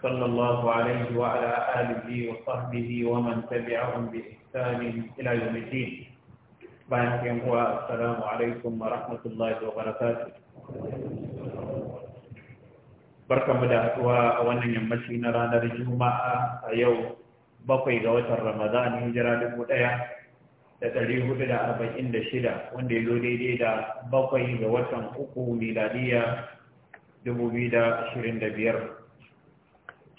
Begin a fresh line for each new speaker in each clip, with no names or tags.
صلى الله عليه وعلى آله وصحبه ومن تبعهم بإحسان إلى يوم الدين بعد هو السلام عليكم ورحمة الله وبركاته بركة مدعك وأولا يمشي نرى نرجوما أيو بقي غوت رمضان هجرة المدعية تتليه بلا أبي إن الشدة واندي لولي دا بقي غوت أقو ميلادية دبو بيدا شرين دبير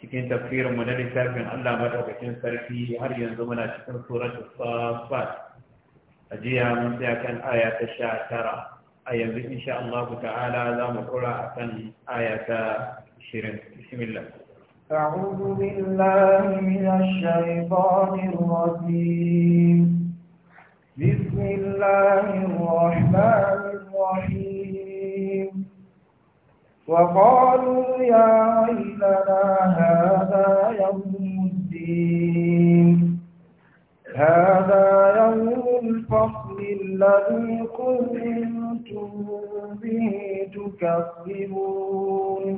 cikin tafsirin mu na littafin Allah madaukakin sarki har yanzu muna cikin suratul safat a jiya mun tsaya kan aya ta 19 a yanzu insha Allah ta'ala za mu dora akan aya ta 20 bismillah
أعوذ بالله من الشيطان الرجيم بسم الله الرحمن الرحيم وقالوا يا ويلنا هذا يوم الدين هذا يوم الفصل الذي كنتم به تكذبون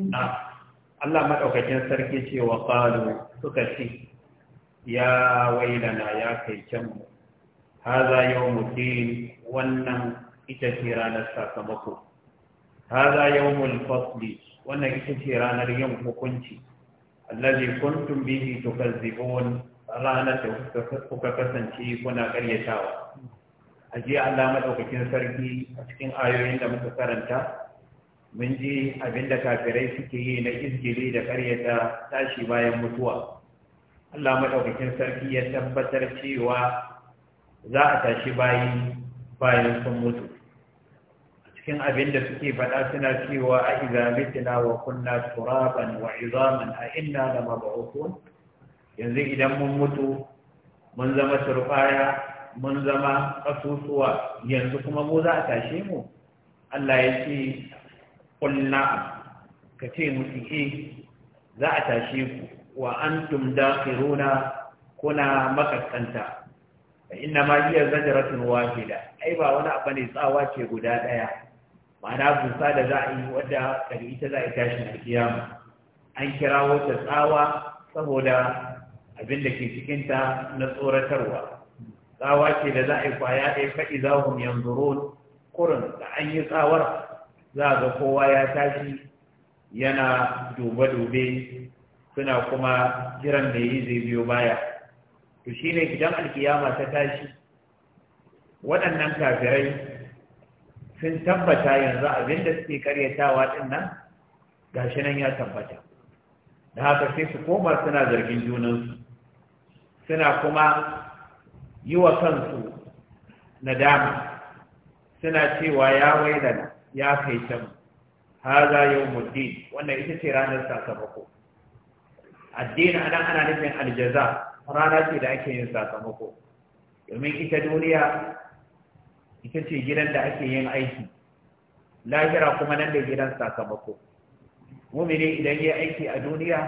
Allah maɗaukakin sarki ce wa ƙalu suka ce, Ya wailana ya kai mu haza yau mu mutum wannan ita ce ranar sakamako. hada yawmul fasli wannan ita ce ranar yin hukunci allazi kuntum bihi tukazzibun ranar da kuka kasance kuna karyatawa a ji Allah madaukakin sarki a cikin ayoyin da muka karanta mun ji abinda kafirai suke yi na izgili da karyata tashi bayan mutuwa Allah Maɗaukakin sarki ya tabbatar cewa za a tashi bayi bayan sun mutu cikin abin da suke faɗa suna cewa a iza mitina wa kunna turaban wa izaman a inna da mabahukun yanzu idan mun mutu mun zama turbaya mun zama ƙasusuwa yanzu kuma mu za a tashe mu Allah ya ce kunna ka ce musu e za a tashe ku wa antum dakhiruna kuna makaskanta inna ma hiya zajratun wahida ai ba wani abu ne tsawa ce guda ɗaya. ma'ana busa da za a yi wadda daga ita za a yi na kiyama an kira wata tsawa saboda abin da ke cikinta na tsoratarwa tsawa ce da za a yi kwaya ɗaya faɗi za yanzu yanzurun kurin da an yi tsawar za a ga kowa ya tashi yana dube-dube suna kuma jiran da yi zai biyo baya to shine idan alkiyama ta tashi waɗannan kafirai sun tabbata yanzu abin da suke karyatawa din nan gashi nan ya tabbata da haka sai su koma suna zargin junansu suna kuma yi wa kansu nadama suna cewa ya wailana ya kai can haza yau muddin wannan ita ce ranar sakamako addini nan ana nufin aljaza rana ce da ake yin sakamako domin ita duniya ita ce gidan da ake yin aiki lahira kuma nan da gidan sakamako mumini idan yi aiki a duniya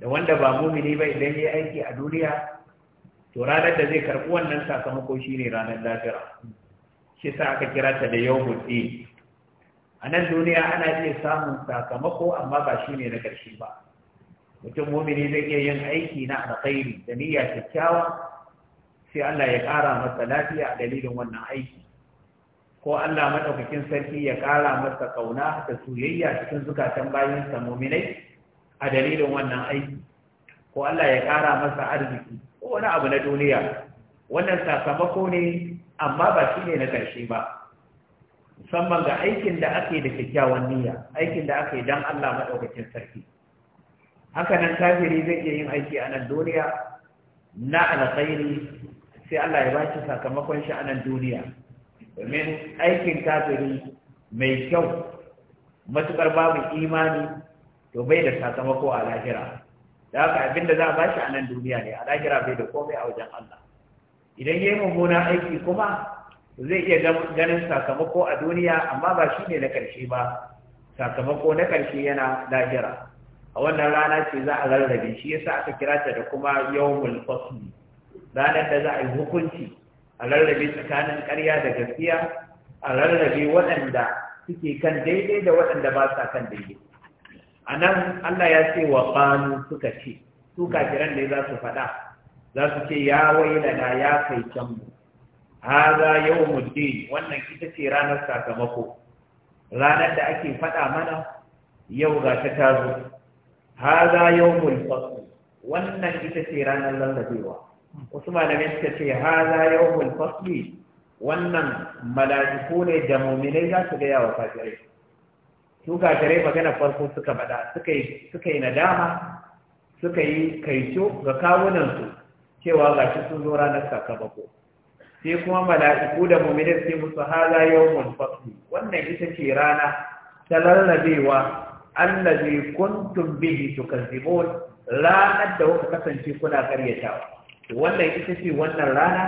da wanda ba mumini ba idan yi aiki a duniya to ranar da zai karɓi wannan sakamako shine ranar lahira shi sa aka kira ta da yau din a nan duniya ana iya samun sakamako amma ba shine na ƙarshe ba mutum mumini zai iya yin aiki na alkhairi da niyya kyakkyawa sai Allah ya ƙara masa lafiya a dalilin wannan aiki ko Allah maɗaukakin sarki ya ƙara masa ƙauna da soyayya cikin zukatan sa muminai a dalilin wannan aiki ko Allah ya ƙara masa arziki ko wani abu na duniya wannan sakamako ne amma ba shi ne na ƙarshe ba musamman ga aikin da ake da kyakkyawan niyya aikin da ake don Allah maɗaukakin sarki haka nan kafiri zai iya yin aiki a nan duniya na alkhairi sai Allah ya bashi sakamakon shi a nan duniya domin aikin kafiri mai kyau matukar babu imani to bai da sakamako a lahira da haka abin da za a shi a nan duniya ne a lahira bai da komai a wajen Allah idan yayi mummuna aiki kuma zai iya ganin sakamako a duniya amma ba shi ne na karshe ba sakamako na karshe yana lahira a wannan rana ce za a rarrabe shi yasa aka kira ta da kuma yawmul fasl ranar da za a yi hukunci a rarrabe tsakanin ƙarya da gaskiya a rarrabe waɗanda suke kan daidai da waɗanda ba sa kan daidai a nan Allah ya ce wa ƙanu suka ce su kafiran ne za su faɗa za su ce ya na ya kai can mu haza yau muddin wannan ita ce ranar sakamako ranar da ake faɗa mana yau ga ta tazo haza yau mulfasu wannan ita ce ranar lallabewa wasu malamai suka ce haza wani fasli wannan mala'iku ne da mu'minai za su gaya wa kafirai su kafirai magana farko suka bada suka yi nadama suka yi kaico ga kawunansu cewa gashi sun zo ranar sakamako sai kuma mala'iku da mu'minai sai musu haza wani fasli wannan ita ce rana ta lallabewa allazi kuntum bihi tukazzibun ranar da kuka kasance kuna karyatawa wannan ita ce wannan rana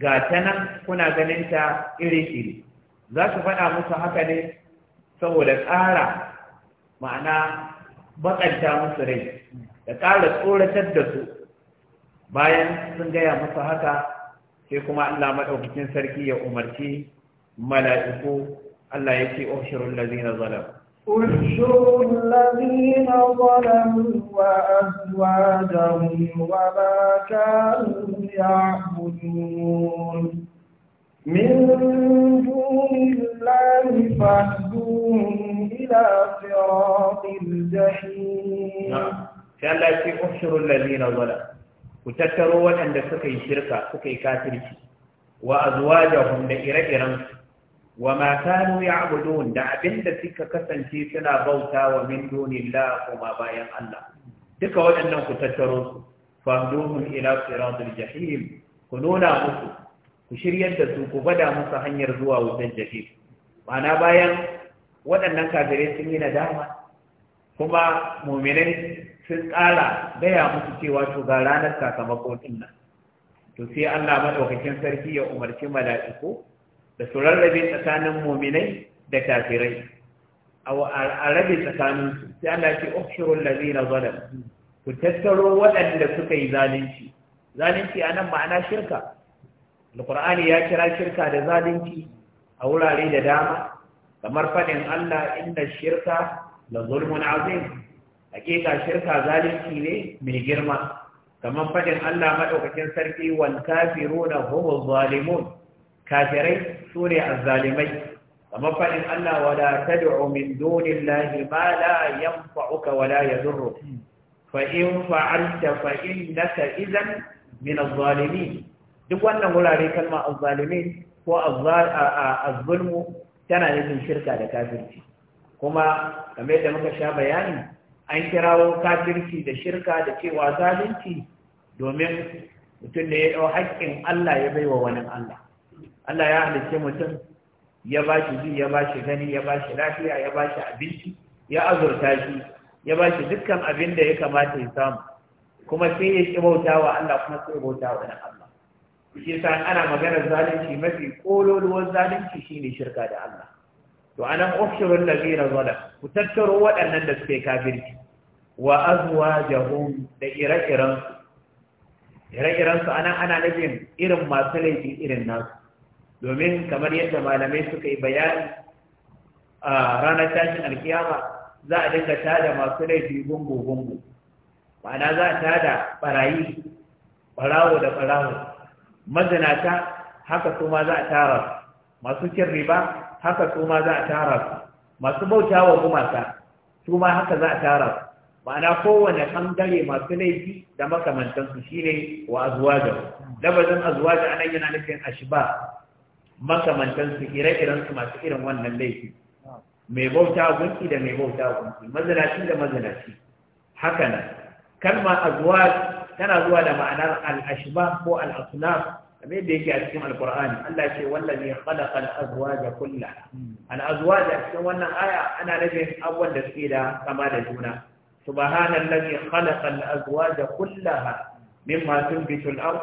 ga ta nan kuna ganin ta iri-iri za su faɗa musu haka ne saboda ƙara ma'ana baƙanta musu rai da ƙara tsoratar da su bayan sun gaya musu haka sai kuma Allah maɗaukakin sarki ya umarci mala'iku Allah ya ce ofshirun lazina zalam
احشروا الذين ظلموا وأزواجهم وما كانوا يعبدون من دون الله فاهدوهم إلى صراط الجحيم نعم.
كان لا يكفي احشروا الذين ظلموا وتتروا أن سكي شركة سكي كاتريك وأزواجهم لإرئ wa ma kanu ya'budun da abinda suka kasance suna bauta wa min dunillah kuma bayan Allah duka waɗannan ku tattaro su fahduhum ila siratil jahim ku nuna musu ku shiryar da su ku gwada musu hanyar zuwa wutan jahim ma'ana bayan waɗannan kafirai sun yi nadama kuma muminai sun ƙara gaya musu cewa to ga ranar sakamako ɗin nan to sai Allah madaukakin sarki ya umarci mala'iku da su rarrabe tsakanin muminai da kafirai a tsakanin su, sai Allah ce ofshirun lazina zalam ku tattaro waɗanda suka yi zalunci zalunci a nan ma'ana shirka alƙur'ani ya kira shirka da zalunci a wurare da dama kamar faɗin Allah inda shirka da zulmun azim hakika shirka zalunci ne mai girma kamar faɗin Allah maɗaukakin sarki wal kafiruna humu zalimun kafirai su ne azzalimai kamar faɗin Allah wala tad'u min dunillahi ma la yanfa'uka wala yadurru fa in fa'alta fa innaka idan min az duk wannan wurare kalma az ko az-zulmu tana nufin shirka da kafirci kuma game da muka sha bayani an kirawo kafirci da shirka da cewa zalunci domin mutum da ya ɗau haƙƙin Allah ya baiwa wani Allah Allah ya halicce mutum ya ba shi ji ya ba shi gani ya ba shi lafiya ya ba shi abinci ya azurta shi ya ba shi dukkan abin da ya kamata ya samu kuma sai ya ƙi bauta wa Allah kuma sai ya bauta wa ɗan Allah shi sa ana maganar zalunci mafi kololuwar zalunci shine shirka da Allah to anan ukhshurul ladina zalam ku tattaro waɗannan da suke kafirci wa azwajahum da ire-iren ire-iren su anan ana nufin irin masu laifi irin nasu domin kamar yadda malamai suka yi bayani a ranar tashin alkiyama za a dinga tada masu laifi gungu-gungu ma'ana za a tada barayi barawo da barawo mazinata haka su ma za a tara masu cin riba haka su ma za a tara su masu bauta wa gumaka su ma haka za a tara su ma'ana kowane ɓangare masu laifi da makamantansu shine wa azwaja azuwa da anan yana nufin ashba makamantansu ire-irensu masu irin wannan laifi mai bauta gunki da mai bauta gunki mazinaci da mazinaci haka nan kalma azwaj tana zuwa da ma'anar al-ashbah ko al-asnaf kamar yadda yake a cikin alqur'ani Allah ce wannan wallazi khalaqa al da kullaha al-azwaj a cikin wannan aya ana nufin abubuwan da suke da kama da juna subhanallazi khalaqa al da kullaha mimma tunbitu al-ard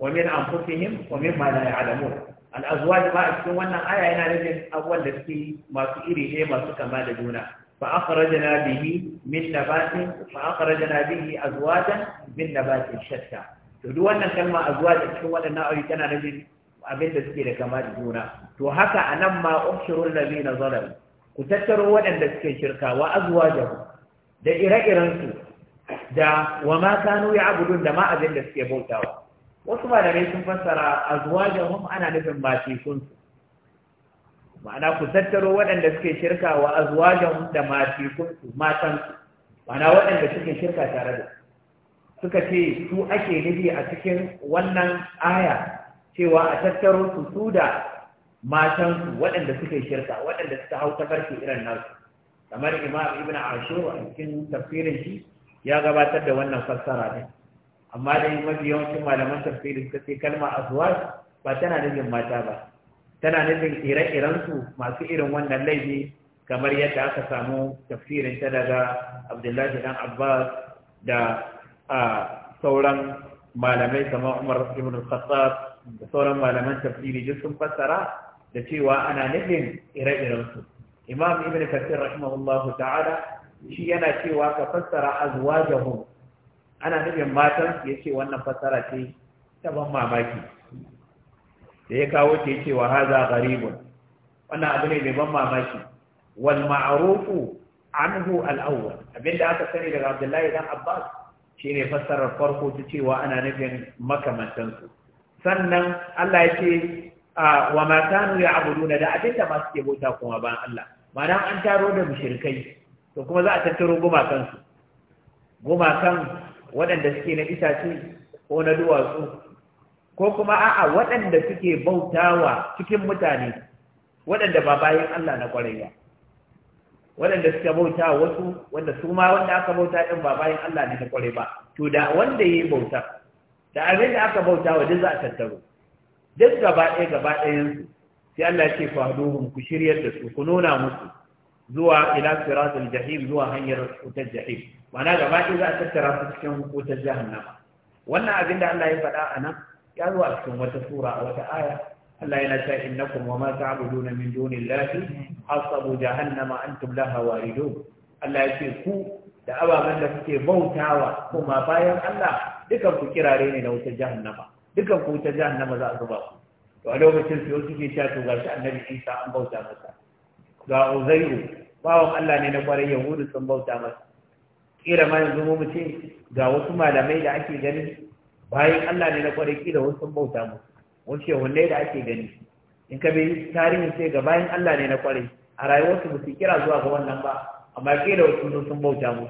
wa min anfusihim wa mimma la ya'lamun al'azwaj ba a cikin wannan aya yana nufin abuwan da suke masu iri ne masu kama da juna fa akhrajna bihi min na nabatin fa akhrajna bihi azwajan min na nabatin shatta to duk wannan kalma azwaj a cikin wannan ayoyi tana nufin abin da suke da kama da juna to haka a nan ma ukhshurul na zalamu ku tattaro waɗanda suke shirkawa wa azwajahu da ire-irensu da wa ma kanu ya'budun da ma abin da suke bautawa wasu malamai sun fassara a zuwa azwajahum ana nufin su ma'ana ku tattaro waɗanda suke shirka wa a azwajahum da matan matansu ma'ana waɗanda suke shirka tare da suka ce su ake nufi a cikin wannan aya cewa a tattaro su su da matansu waɗanda suke shirka waɗanda suka hau tafarki irin nasu kamar imam ibn ashur a cikin tafsirin shi ya gabatar da wannan fassara ne amma dai mafi yawancin malaman tafsiri suka ce kalma azwaj ba tana nufin mata ba tana nufin ire-iren su masu irin wannan laifi kamar yadda aka samu tafsirin ta daga Abdullahi dan Abbas da sauran malamai kamar Umar ibn Khattab da sauran malaman tafsiri duk sun fassara da cewa ana nufin ire-iren su Imam Ibn Kathir rahimahullahu ta'ala shi yana cewa ka fassara azwajahum ana nufin matan ya ce wannan fassara ce ta ban mamaki da ya kawo ce ce wa haza garibun wannan abu ne mai ban mamaki wal ma'arufu anhu al-awwal abinda aka sani daga Abdullahi dan Abbas shine fassarar farko ta cewa ana nufin makamantansu sannan Allah ya ce wa ma kanu ya'buduna da abinda masu ke bauta kuma ban Allah ma'ana an taro da mushrikai to kuma za a tattaro gumakansu gumakan waɗanda suke na itace ko na duwatsu ko kuma a'a waɗanda suke bautawa cikin mutane waɗanda ba bayan Allah na ƙwarai ba waɗanda suke bauta wasu wanda su ma wanda aka bauta ɗin ba bayan Allah ne na ƙwarai ba to da wanda ya yi bauta da abin da aka bauta wa duk za a tattaro duk gaba ɗaya gaba ɗayansu sai Allah ce fahduhum ku shiryar da su ku nuna musu zuwa ila siratul jahim zuwa hanyar wutar jahim mana gaba ɗaya za a tattara su cikin wutar jahannama wannan abin da Allah ya faɗa a nan ya zo a cikin wata sura a wata aya Allah yana cewa innakum wa ma ta'buduna min dunillahi hasabu jahannama antum laha waridun Allah ya ce ku da ababen da kuke bautawa kuma bayan Allah dukan ku kirare ne na wutar jahannama dukan ku wutar jahannama za a zuba ku to a lokacin su suke cewa to gashi annabi Isa an bauta masa ga Uzairu bawan Allah ne na kwarai Yahudu sun bauta masa kira ma yanzu mu ce ga wasu malamai da ake gani bayan Allah ne na kwarai kira wasu bauta mu wasu shehunne da ake gani in ka bi tarihin sai ga bayan Allah ne na kwarai a rayuwarsu ba su kira zuwa ga wannan ba amma kira wasu sun sun bauta mu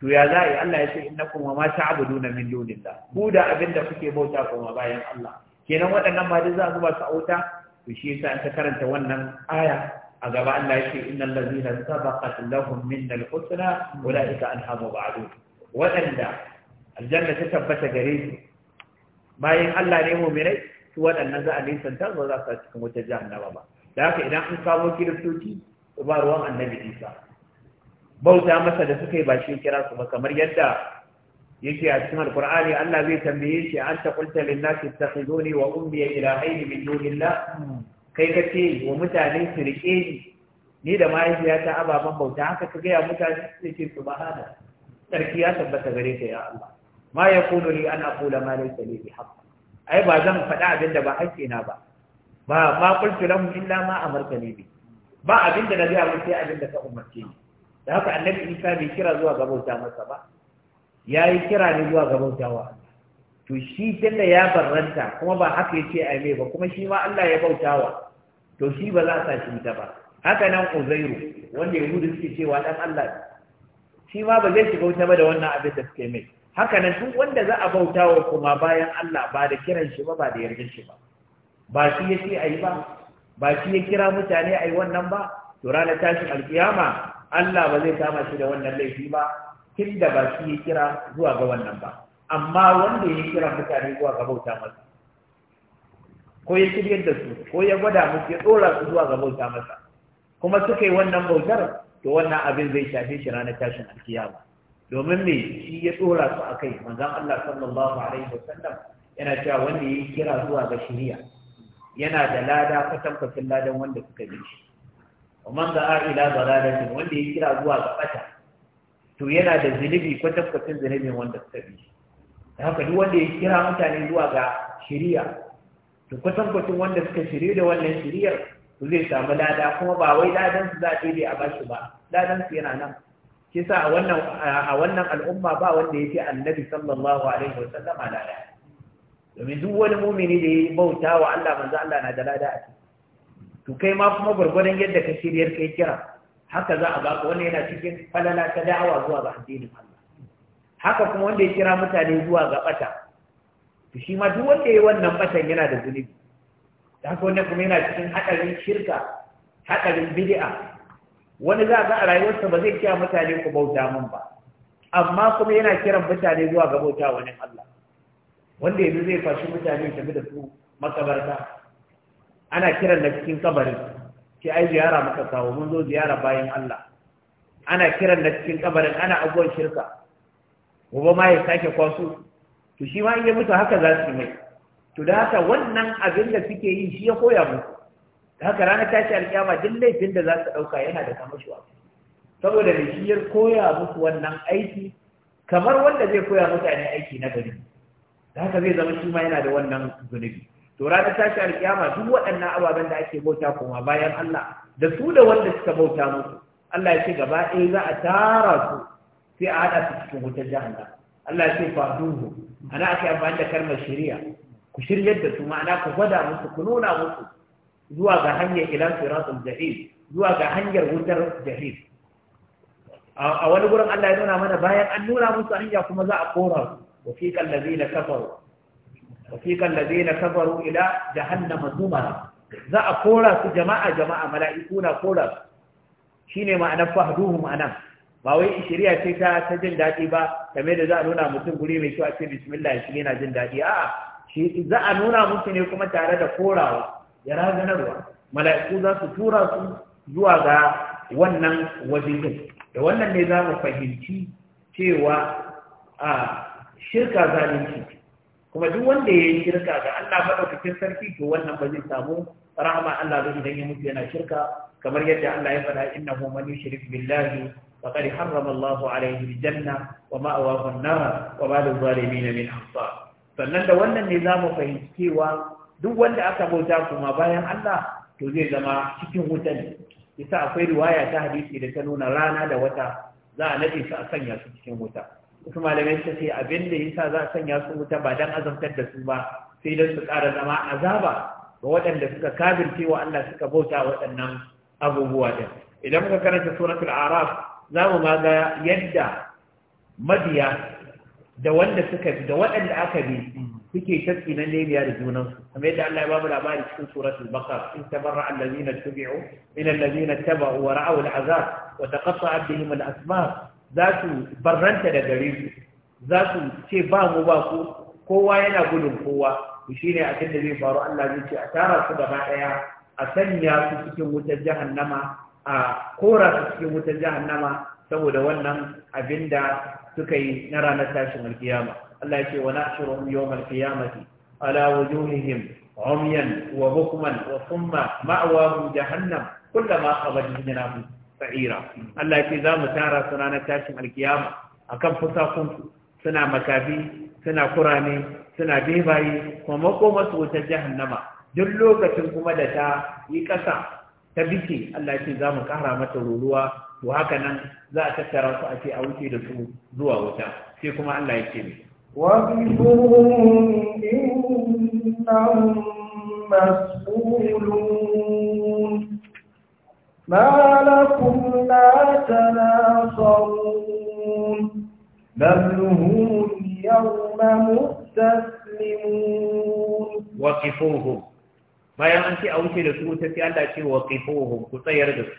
to ya za a yi Allah ya ce innakum wa ma ta'buduna min dunillah ku da abin da kuke bauta kuma bayan Allah kenan waɗannan ma duk za a zuba su a wuta to shi yasa an ta karanta wannan aya a gaba Allah ya ce innal ladina sabaqat lahum minna al-husna ulaika anha mubadun wadanda aljanna ta tabbata gare su bayan Allah ne mu'minai su wadannan za a nisanta ba za su cikin wata jahannama ba da haka idan an kawo kiristoci ba ruwan annabi Isa bauta masa da suka yi ba shi kira su ba kamar yadda yake a cikin alkur'ani Allah zai tambaye shi an ta qulta lin nasi ittakhiduni wa ummi ilahayn min dunillah kai ka ce wa mutane su riƙe ni ni da mahaifiyata ababen bauta haka ka gaya mutane su ce su ba bahana sarki ya tabbata gare ka ya Allah ma ya kuno ni ana kula ma laysa ne bi haka. ai ba zan faɗa abin da ba hakki na ba ba ma qultu lahum illa ma ne bi ba abin da na gaya mu sai abin da ka umarce ni da haka annabi Isa bai kira zuwa ga bauta masa ba yi kira ne zuwa ga wa to shi tunda ya barranta kuma ba haka ce ai mai ba kuma shi ma Allah ya bautawa to shi ba za a sa shi ta ba haka nan uzairu wanda ya yahudu suke cewa dan Allah shi ma ba zai shiga wuta ba da wannan abin da suke mai haka nan duk wanda za a bauta wa kuma bayan Allah ba da kiran shi ba ba da yardar shi ba ba shi ya ce a ba ba shi ya kira mutane a yi wannan ba to ranar tashin alkiyama Allah ba zai kama shi da wannan laifi ba tun da ba shi ya kira zuwa ga wannan ba amma wanda ya kira mutane zuwa ga bauta masa ko ya shirya da su ko ya gwada musu ya tsora su zuwa ga bauta masa kuma suka yi wannan bautar to wannan abin zai shafe shi ranar tashin alkiyama domin me shi ya tsora su akai manzon Allah sallallahu alaihi wasallam yana cewa wanda ya kira zuwa ga shari'a yana da lada kwatankwacin ladan wanda suka bi shi ومن دعا إلى zalalatin wanda ya kira zuwa ga bata to yana da zunubi kwatankwacin zulubin wanda suka bi shi haka duk wanda ya kira mutane zuwa ga shari'a to kwatankwacin wanda suka shirye da wannan shiriyar to zai samu lada kuma ba wai ladan su za a dade a bashi ba ladan su yana nan shi sa a wannan a wannan al'umma ba wanda yake annabi sallallahu alaihi wa sallam lada domin duk wani mumini da ya bauta wa Allah manzo Allah na da lada a to kai ma kuma gurgurdan yadda ka shiryar kai kira haka za a baka wannan yana cikin falala ta da'awa zuwa ga addinin Allah haka kuma wanda ya kira mutane zuwa ga bata to shi ma duk wanda ya yi wannan batan yana da zunubi da haka wannan kuma yana cikin haɗarin shirka haɗarin bid'a wani za ga a rayuwarsa ba zai kira mutane ku bauta min ba amma kuma yana kiran mutane zuwa ga bauta wani Allah wanda yanzu zai fashi mutane tafi da su makabarta ana kiran na cikin kabarin ke ai ziyara muka kawo mun zo ziyara bayan Allah ana kiran na cikin kabarin ana abuwan shirka gobe ma ya sake kwaso to shi ma in ya mutu haka za su yi mai to da haka wannan abin da suke yi shi ya koya musu da haka ranar tashi alkiyama duk laifin da za su ɗauka yana da kama kamashuwa saboda da shi ya koya musu wannan aiki kamar wanda zai koya mutane aiki na gari da haka zai zama shi ma yana da wannan zunubi to ranar tashi alkiyama duk waɗannan ababen da ake bauta kuma bayan Allah da su da wanda suka bauta musu Allah ya ce gaba ɗaya za a tara su sai a haɗa su cikin wutar da. Allah ya ce faduhu ana ake amfani da kalmar shari'a ku shiryar da su ma'ana ku gwada musu ku nuna musu zuwa ga hanyar ila siratul jahil zuwa ga hanyar wutar jahil a wani gurin Allah ya nuna mana bayan an nuna musu hanya kuma za a kora su wa fi kallazi kafaru wa fi kallazi kafaru ila jahannama zumara za a kora su jama'a jama'a mala'iku na kora su shine ma'anar fahduhu ma'anar ba wai shari'a ce ta ta jin daɗi ba game da za a nuna mutum guri mai kyau a ce bismillah shi yana jin daɗi a'a shi za a nuna musu ne kuma tare da korawa ya raganarwa mala'iku za su tura su zuwa ga wannan wajen da wannan ne za mu fahimci cewa a shirka zalunci kuma duk wanda ya yi shirka ga Allah maɗaukakin sarki to wannan ba zai samu rahama Allah zai idan ya mutu yana shirka kamar yadda Allah ya faɗa innahu man yushrik billahi فقد حرم الله عليه الجنة ومأواه النار وما للظالمين من أنصار sannan da wannan ne za mu fahimci cewa duk wanda aka bauta kuma bayan Allah to zai zama cikin wuta ne isa akwai riwaya ta hadisi da ta nuna rana da wata za a nade su a sanya su cikin wuta wasu malamai suka ce abin da ya yasa za a sanya su wuta ba dan azabtar da su ba sai dan su kara zama azaba ga waɗanda suka kafirce wa Allah suka bauta waɗannan abubuwa din idan muka karanta suratul araf za mu ma ga yadda mabiya da wanda suka bi da waɗanda aka bi suke ta na lemiya da junansu kamar yadda Allah ya babu labari cikin suratul baqara in tabarra allazina tubi'u min allazina taba'u wa ra'aw al'azab wa taqatta'a bihim al'asbab za su barranta da gare su za su ce ba mu ba ku kowa yana gudun kowa shi ne abin da zai faru Allah zai ce a tara su gaba daya a sanya su cikin wutar jahannama a kora su cikin wutar jahannama saboda wannan abin da suka yi na ranar tashin alkiyama Allah ya ce wa nashruhum yawmal qiyamati ala wujuhihim umyan wa bukman wa thumma ma'wahum jahannam kullama khabat jinahum sa'ira Allah ya ce za mu tara su ranar tashin alkiyama akan fusakun suna makafi suna kurane suna bebaye kuma wuta wutar jahannama duk lokacin kuma da ta yi ƙasa ta bice Allah ce za mu kara mata ruruwa to haka nan za a tattara su a ce a wuce da su zuwa wuta sai kuma Allah ya ce ne
wa مسؤولون ما لا تناصرون بل هم اليوم مستسلمون
وقفوهم bayan an ce a wuce da su wuta sai Allah ce wa qifuhum ku tsayar da su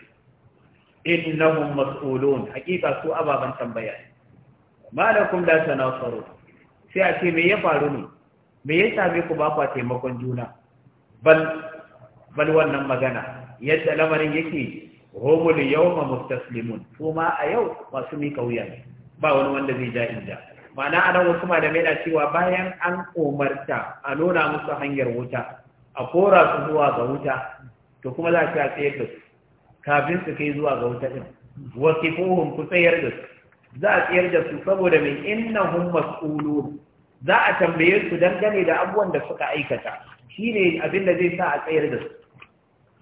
innahum mas'ulun hakika su ababan tambaya malakum la tanasaru sai a ce me ya faru ne me ya same ku ba taimakon juna bal bal wannan magana yadda lamarin yake humul yawma mustaslimun kuma a yau masu mika wuya ba wani wanda zai ja inda ma'ana anan wasu malamai cewa bayan an umarta a nuna musu hanyar wuta a kora su zuwa ga wuta to kuma za ka tsayar da su kafin su kai zuwa ga wuta din waqifuhum ku tsayar da su za a tsayar da su saboda mai hun masu za a tambaye su dangane da abubuwan da suka aikata shi ne abin da zai sa a tsayar da su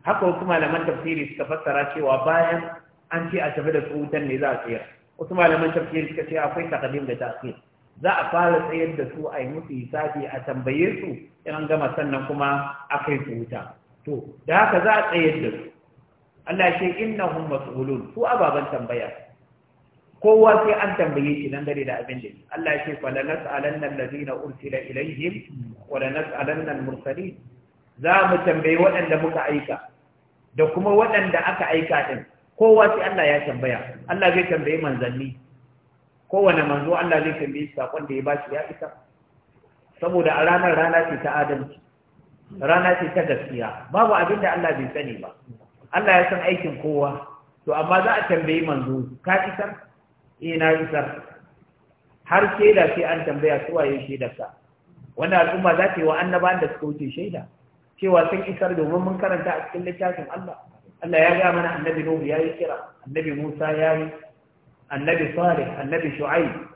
haka wasu malaman tafsiri suka fassara cewa bayan an ce a tafi da su wutan ne za a tsayar wasu malaman tafsiri suka ce akwai takadim da ta'khir za a fara tsayar da su a yi musu hisabi a tambaye su in an gama sannan kuma a kai su wuta to da haka za a tsayar da su Allah ce innahum mas'ulun su ababan tambaya kowa sai an tambaye shi nan gare da abin da Allah ce fa lanas'alanna allazina ursila ilaihim wa lanas'alanna al-mursalin za mu tambayi waɗanda muka aika da kuma waɗanda aka aika din kowa sai Allah ya tambaya Allah zai tambayi manzanni kowane manzo Allah zai tambaye shi sakon da ya bashi ya isa saboda a ranar rana ce ta adalci rana ce ta gaskiya babu abin da Allah bai sani ba Allah ya san aikin kowa to amma za a tambayi manzo ka isar eh na isar har shaida sai an tambaya su waye ka? wannan al'umma za ta yi wa annabawan da suka wuce shaida cewa sun isar domin mun karanta a cikin littafin Allah Allah ya ga mana annabi Nuhu ya yi kira annabi Musa ya yi annabi salih annabi shu'aib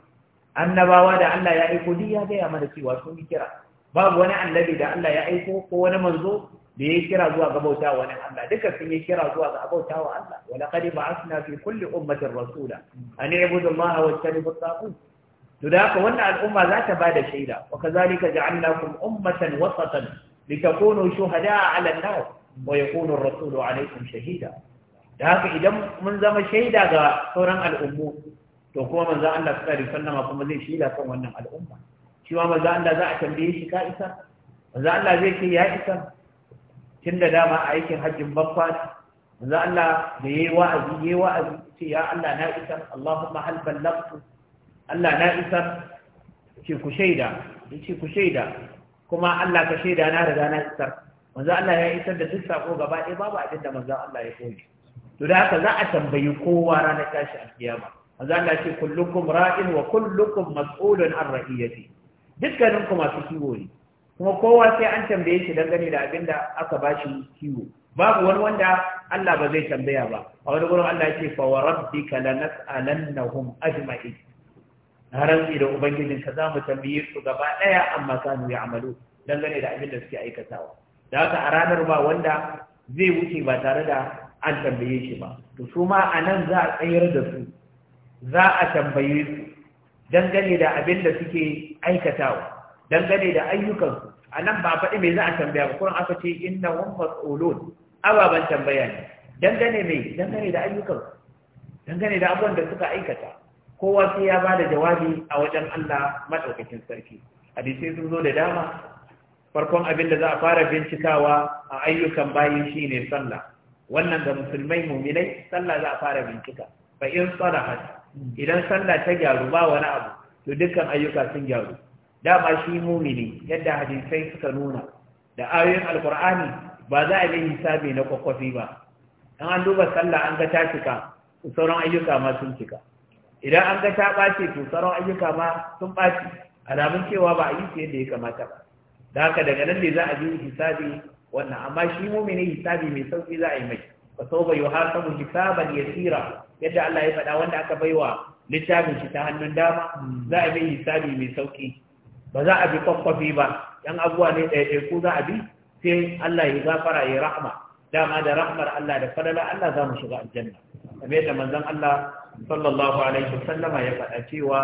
annabawa da Allah ya aiko duk ya gaya mana cewa sun yi kira babu wani annabi da Allah ya aiko ko wani manzo da ya kira zuwa ga bauta wa Allah duka sun yi kira zuwa ga bauta wa Allah wa laqad ba'athna fi kulli ummatin rasula an ibudu Allah wa tanibu taqut to da haka wannan al'umma za ta bada shaida wa kazalika ja'alnakum ummatan wasatan litakunu shuhada'a 'ala an-nas wa yakunu ar-rasulu 'alaykum shahida da haka idan mun zama shaida ga sauran al'ummu to kuma manzo Allah sallallahu alaihi wasallam kuma zai shaida kan wannan al'umma shi ma manzo Allah za a tambaye shi ka isa manzo Allah zai ce ya isa tunda dama a aikin hajjin babba manzo Allah da yayi wa'azi yayi wa'azi ce ya Allah na isa Allahumma hal ballagtu Allah na isa ce ku shaida ce ku shaida kuma Allah ka shaida na riga na isa. manzo Allah ya isar da duk sako gaba ɗaya babu abin da manzo Allah ya koyi to da haka za a tambayi kowa ranar tashi a manzo Allah ce kullukum ra'in wa kullukum mas'ulun an ra'iyati dukkanin ku masu kiwo ne kuma kowa sai an tambaye shi dangane da abin da aka bashi kiwo babu wani wanda Allah ba zai tambaya ba a wani gurin Allah ce fa wa rabbika lanas'alannahum ajma'in na rantsi da ubangijin ka zamu tambaye su gaba daya amma kanu ya'malu dangane da abin da suke aikatawa da haka a ranar ba wanda zai wuce ba tare da an tambaye shi ba to su ma a nan za a tsayar da su za a tambaye su dangane da abin da suke aikatawa dangane da ayyukansu a nan ba faɗi mai za a tambaya ba kuma aka ce inna wan fasolon ababen tambaya ne dangane mai dangane da ayyukansu dangane da abubuwan da suka aikata kowa sai ya ba da jawabi a wajen Allah maɗaukakin sarki hadisai sun zo da dama farkon abin da za a fara bincikawa a ayyukan bayan shi ne sallah wannan ga musulmai muminai sallah za a fara bincika fa in salahat idan sallah ta gyaru ba wani abu to dukkan ayyuka sun gyaru dama shi mumini yadda hadisai suka nuna da ayoyin alkur'ani ba za a yi hisabi na kwakwafi ba in an duba sallah an ga ta cika sauran ayyuka ma sun cika idan an ga ta ɓace to sauran ayyuka ma sun ɓace alamun cewa ba a yi su yadda ya kamata ba da haka daga nan ne za a yi hisabi wannan amma shi mumini hisabi mai sauki za a yi mai fa sawfa yuhasabu hisaban yasira yadda Allah ya faɗa wanda aka baiwa littafin shi ta hannun dama za a bi hisabi mai sauki ba za a bi kwakwafi ba yan abuwa ne ɗaya ko za a bi sai Allah ya gafara ya rahma dama da rahmar Allah da fadala Allah za mu shiga aljanna kamar yadda manzon Allah sallallahu alaihi wasallama ya faɗa cewa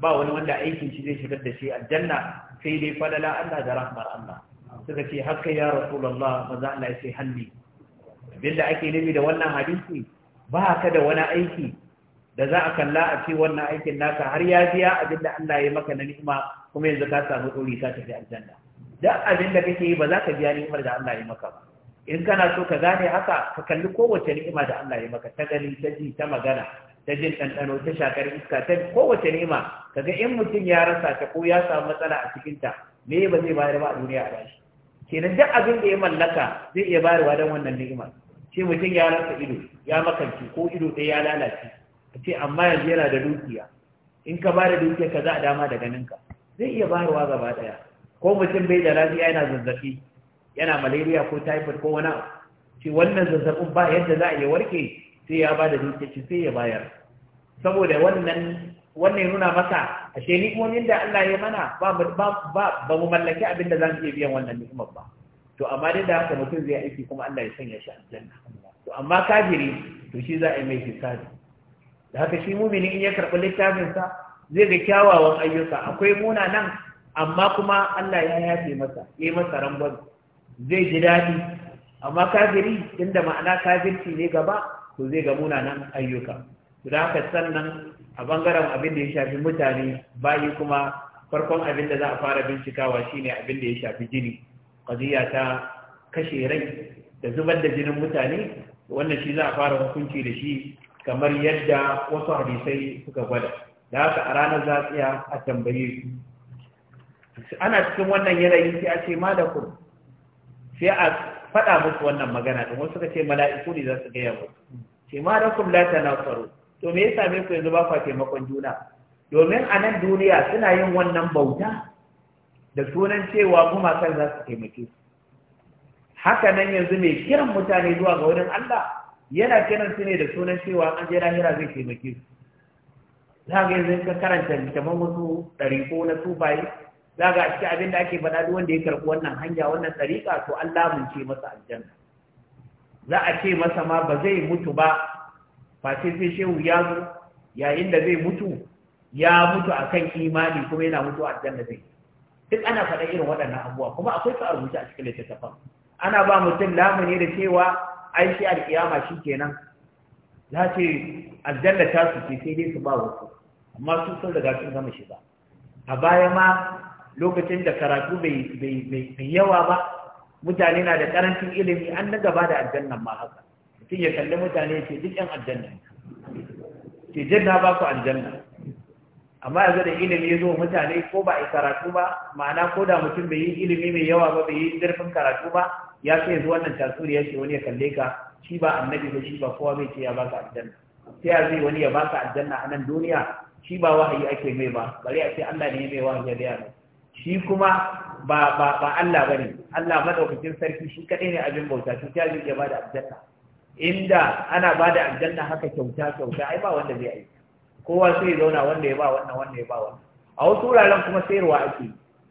ba wani wanda aikin shi zai shigar da shi aljanna sai dai fadala Allah da rahmar Allah suka ce haka ya ba manzo Allah ya ce halli da ake nufi da wannan hadisi ba ka da wani aiki da za a kalla a ce wannan aikin naka har ya biya da Allah ya maka na ni'ima kuma yanzu ka samu tsori ka tafi aljanna duk da kake yi ba za ka biya ni'imar da Allah ya maka ba in kana so ka gane haka ka kalli kowace ni'ima da Allah ya maka ta gani ta ji ta magana ta jin ɗanɗano ta shakar iska ta kowace ni'ima kaga in mutum ya rasa ta ko ya samu matsala a cikinta me ba zai bayar ba a duniya a bashi kenan duk abin da ya mallaka zai iya bayarwa don wannan ni'imar ce mutum ya rasa ido ya makanci ko ido ɗaya ya lalace a ce amma yanzu yana da dukiya in ka ba da dukiya ka za a dama da ganinka zai iya bayarwa gaba ɗaya ko mutum bai da lafiya yana zazzafi yana malaria ko typhoid ko wani ce wannan zazzabin ba yadda za a iya warke sai ya bada dukiya sai ya bayar saboda wannan wannan ya nuna masa ashe ni kuma da Allah ya mana ba ba mu mallaki abin da zamu iya biyan wannan ni'imar ba to amma dai da haka mutum zai aiki kuma Allah ya sanya shi a aljanna to amma kafiri to shi za a yi mai hisabi da haka shi mumini in ya karɓi littafin sa zai ga kyawawan ayyuka akwai muna nan amma kuma Allah ya yafe masa yayi masa rangwam zai ji daɗi amma kafiri inda ma'ana kafirci ne gaba to zai ga muna nan ayyuka to da haka sannan a bangaren abin da ya shafi mutane bayi kuma farkon abin da za a fara bincikawa shine abin da ya shafi jini kaziya ta kashe rai da zubar da jinin mutane wannan shi za a fara hukunci da shi kamar yadda wasu hadisai suka gwada da haka a ranar za a tambaye ana cikin wannan yanayin sai a ce ma da ku sai a faɗa musu wannan magana don wasu suka ce mala'iku ne za su gaya musu ce ku la tanaffaru to me ya me ku yanzu ba kwa taimakon juna domin a nan duniya suna yin wannan bauta da sunan cewa gumakan za su taimake su haka nan yanzu mai kiran mutane zuwa ga wurin Allah yana kiran su ne da sunan cewa an je lahira zai taimake su za ga yanzu ka karanta kamar wasu ɗariko na sufaye za ga cikin abin da ake faɗa wanda ya karɓi wannan hanya wannan ɗariƙa to Allah mun ce masa aljanna za a ce masa ma ba zai mutu ba face sai shehu ya zo yayin da zai mutu ya mutu a kan imani kuma yana mutu a aljanna zai duk ana faɗa irin waɗannan abubuwa kuma akwai su a a cikin littattafan ana ba mutum lamuni da cewa ai shi alkiyama shi kenan za ce aljanna ta su ce sai dai su ba wasu amma su sun riga sun gama shi ba. a baya ma lokacin da karatu bai yawa ba mutane na da karancin ilimi an na gaba da aljannan ma haka mutum ya kalli mutane ce duk yan aljanna ce janna ba ku aljanna amma yanzu da ilimi ya zo mutane ko ba a karatu ba ma'ana ko da mutum bai yi ilimi mai yawa ba bai yi zarfin karatu ba ya sai yanzu wannan tasiri ya ce wani ya kalle ka shi ba annabi ba shi ba kowa bai ce ya baka aljanna sai ya zai wani ya baka aljanna a nan duniya shi ba wahayi ake mai ba bari a ce Allah ne ya mai wahayi da yana shi kuma ba ba ba Allah bane Allah madaukakin sarki shi kadai ne abin bauta shi ya zai ya da aljanna inda ana ba da aljanna haka kyauta kyauta ai ba wanda zai aiki kowa sai zauna wanda ya ba wannan wanda ya ba wannan a wasu wuraren kuma sayarwa ake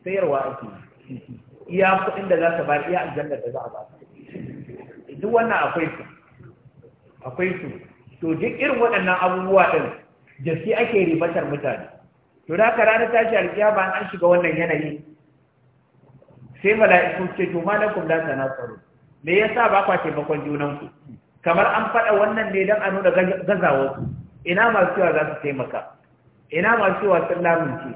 sayarwa ake iya kuɗin da za ka bayar iya aljanna da za a ba duk wannan akwai su akwai su to duk irin waɗannan abubuwa ɗin da shi ake ribatar mutane to da haka ranar tashi ba an shiga wannan yanayi sai mala'iku ce to malakum la tsaro me yasa ba kwa taimakon junan ku kamar an faɗa wannan ne don a nuna gazawo? ina masu cewa za su taimaka ina masu cewa sun lamunce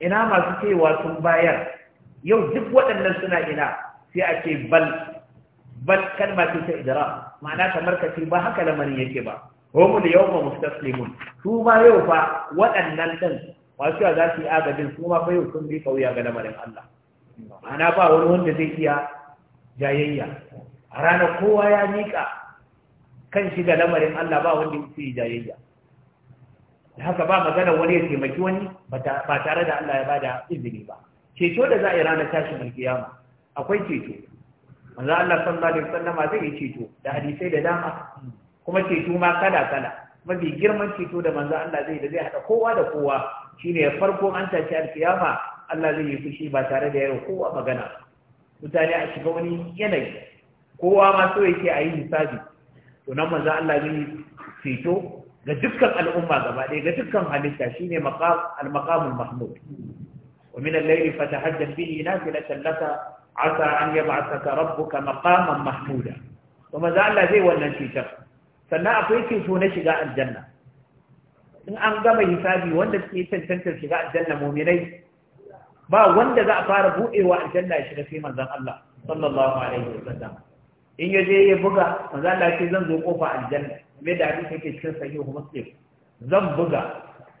ina masu cewa sun bayar yau duk waɗannan suna ina sai a ce bal bal kalma ce ta idara ma'ana kamar ka ce ba haka lamarin yake ba homu da yau ma mustaslimun su ma yau fa waɗannan ɗin masu cewa za su yi agajin su ma fa yau sun bi kauya ga lamarin Allah ma'ana ba wani wanda zai iya jayayya a kowa ya miƙa kan shi da lamarin Allah ba wanda ya yi jayayya da haka ba magana wani ya taimaki wani ba tare da Allah ya bada izini ba ceto da za a yi ranar tashin alkiyama akwai ceto manzo Allah sallallahu alaihi wasallama zai yi ceto da hadisai da dama kuma ceto ma kala kala mafi girman ceto da manzo Allah zai da zai hada kowa da kowa shine farko an tashi alkiyama Allah zai yi fushi ba tare da yaro kowa magana mutane a shiga wani yanayi kowa ma so yake a yi hisabi Tunan nan manzo Allah zai ceto ga dukkan al'umma gaba ɗaya ga dukkan halitta shine maqam al-maqamul mahmud wa min al-layli fatahajjal bihi nafilatan laka asa an yab'athaka rabbuka maqaman mahmuda to manzo Allah zai wannan ceton sannan akwai ceto na shiga aljanna in an gama hisabi wanda suke cancanta shiga aljanna mu'minai ba wanda za a fara buɗewa aljanna ya shiga sai manzon Allah sallallahu alaihi wasallam in ya je ya buga Maza Allah ce zan zo kofa aljanna me da hadisi yake cikin sahihu muslim zan buga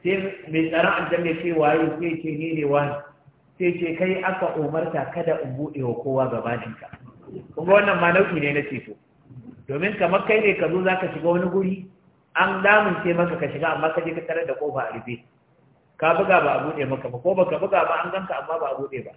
sai mai tsaron aljanna ce waye sai ce ni ne wani sai ce kai aka umarta kada in buɗe wa kowa gaba jinka. kuma wannan ma nau'i ne na ceto domin kamar kai ne ka zo za ka shiga wani guri an damun ce maka ka shiga amma ka je ka tarar da kofa a rufe ka buga ba a buɗe maka ba ko baka buga ba an ganka amma ba a buɗe ba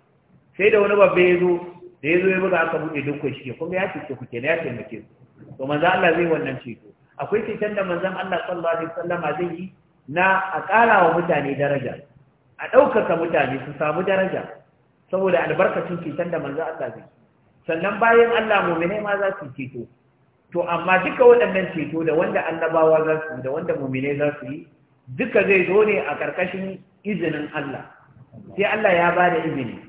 sai da wani babba ya zo da ya zo ya buga aka buɗe dukkan shi kuma ya cece ku kenan ya taimake ku to manzan Allah zai wannan ceto akwai ceton da manzan Allah sallallahu alaihi wasallam zai yi na a ƙara wa mutane daraja a ɗaukaka mutane su samu daraja saboda albarkacin ceton da manzan Allah zai sannan bayan Allah mu'minai ma za su ceto to amma duka waɗannan ceto da wanda annabawa za su yi da wanda mu'minai za su yi duka zai zo ne a ƙarƙashin izinin Allah sai Allah ya ba da izini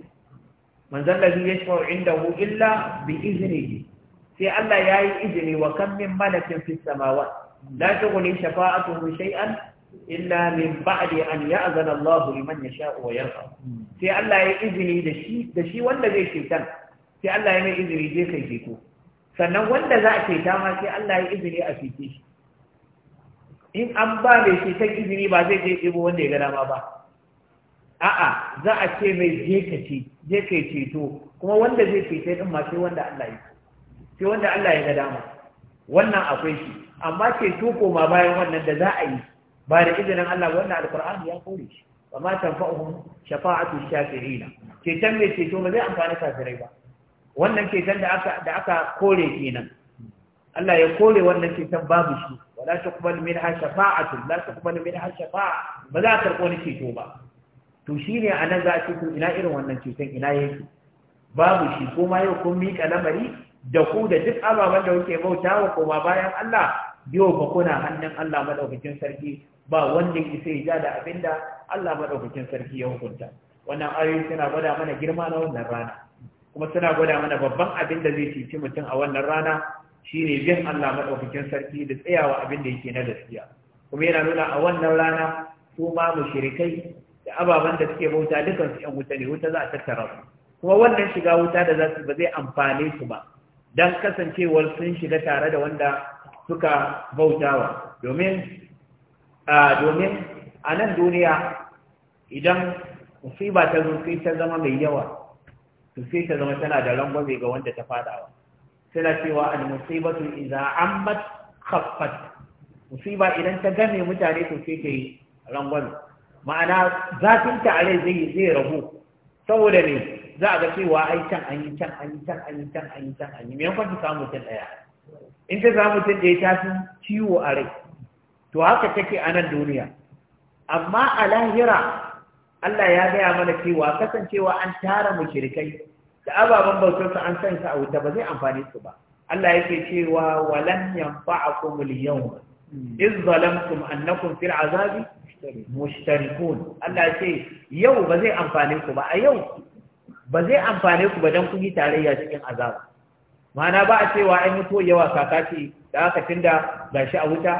man zallabi inda hu illa bi iznihi sai Allah ya yi izini wa kan min malakin fi samawat la tughni shafa'atuhum shay'an illa min ba'di an ya'zana Allah liman yasha'u wa yarda sai Allah ya yi izini da shi da shi wanda zai shaitan sai Allah ya mai izini je kai ko sannan wanda za a ta ma sai Allah ya yi izini a fice shi in an ba mai ta izini ba zai je ibo wanda ya gada ma ba a'a za a ce mai je ka ce je ka ceto kuma wanda zai cece din ma sai wanda Allah ya sai wanda Allah ya ga dama wannan akwai shi amma ceto ko ma bayan wannan da za a yi ba da izinin Allah wannan alqur'ani ya kore shi wa ma tanfa'uhum shafa'atu shafi'ina ceton mai ceto ba zai amfani kafirai ba wannan ceton da aka da aka kore kenan Allah ya kore wannan ceton babu shi wala tuqbal minha shafa'atu la tuqbal minha shafa'a ba za ka karɓo ni ceto ba to shi ne a nan za a cikin ina irin wannan cutar? ina yake babu shi kuma yau kun miƙa lamari da ku da duk ababen da kuke bauta wa kuma bayan Allah biyo ba kuna hannun Allah madaukakin sarki ba wanda ke sai ja da abinda Allah madaukakin sarki ya hukunta wannan ayoyi suna gwada mana girma na wannan rana kuma suna gwada mana babban abin da zai cici mutum a wannan rana shine bin Allah madaukakin sarki da tsayawa abin da yake na gaskiya kuma yana nuna a wannan rana su ma mushrikai da ababen da suke bauta dukan su ‘yan wuta ne wuta za a tattara su kuma wannan shiga wuta da za su ba zai amfane su ba don kasancewar sun shiga tare da wanda suka bautawa domin domin a nan duniya idan musiba ta zo sai ta zama mai yawa to sai ta zama tana da rangwame ga wanda ta fadawa suna cewa al musibatu idza ammat khaffat musiba idan ta game mutane to sai ta yi rangwame ma'ana zafin ta rai zai zai rabu saboda ne za a ga cewa ai can an yi can an yi can an yi can an yi can an yi me ta samu mutum ɗaya in ta samu mutum ɗaya ta fi ciwo a rai to haka take a nan duniya amma a lahira Allah ya gaya mana cewa kasancewa an tara mushrikai da ababen bautarsa an san sa a wuta ba zai amfani su ba Allah yake cewa walan yanfa'akum al-yawm iz zalamtum annakum fil azabi mushtarikun Allah ce yau ba zai amfane ku ba a yau ba zai amfane ku ba dan kun yi tarayya cikin azaba mana ba a cewa ai mutuwar yawa kaka ce da aka tinda gashi a wuta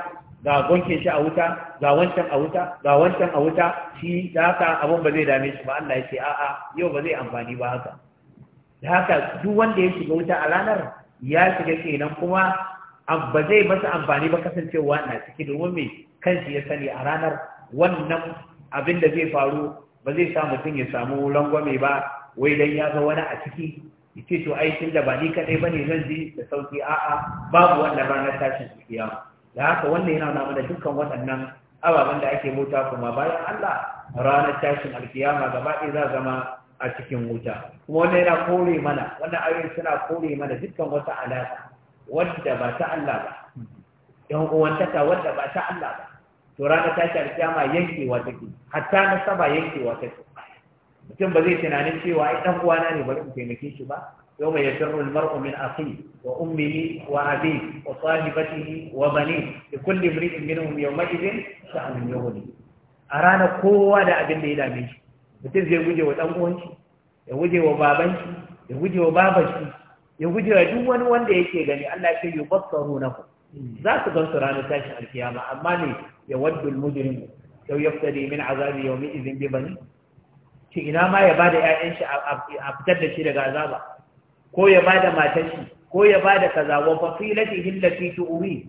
ga gonke shi a wuta ga wancan a wuta ga wancan a wuta shi da haka abun ba zai dame shi ba Allah ya ce a'a yau ba zai amfani ba haka da haka duk wanda ya shiga wuta a ranar ya shiga kenan kuma ba zai masa amfani ba kasancewa na ciki domin mai kanshi ya sani a ranar wannan abin da zai faru ba zai sa mutum ya samu langwame ba wai dan ya ga wani a ciki ce to ai tun da ba ni kaɗai ba ne zan ji da sauki a'a babu wannan ranar tashin kiyama da haka wannan yana nuna mana dukkan waɗannan ababen da ake mota kuma bayan Allah ranar tashin alkiyama gaba ɗaya za zama a cikin wuta kuma wannan yana kore mana wannan ayoyi suna kore mana dukkan wata alaƙa wadda ba ta Allah ba yan uwantaka wadda ba ta Allah ba to ta tashi alkiyama yankewa take hatta na saba yankewa take mutum ba zai tunanin cewa ai ɗan uwana ne bari in taimake shi ba yau mai yasirru ulmar umin afi wa ummini wa abi wa sahibatihi wa bani da kulli imri'in minhum yawma idhin sha'anun yughni a rana kowa da abin da ya dame shi mutum zai guje wa ɗan uwan ya guje wa baban ya guje wa baban ya gujewa duk wani wanda yake gani Allah ya yi basaru na ku za su gan su ranar tashin alkiyama amma ne ya waddul almujrim yau yaftadi min azabi yawmi idhin bi bani ina ma ya bada ƴaƴan shi a fitar da shi daga azaba ko ya bada matar shi ko ya bada kaza wa fasilati hillati tuwi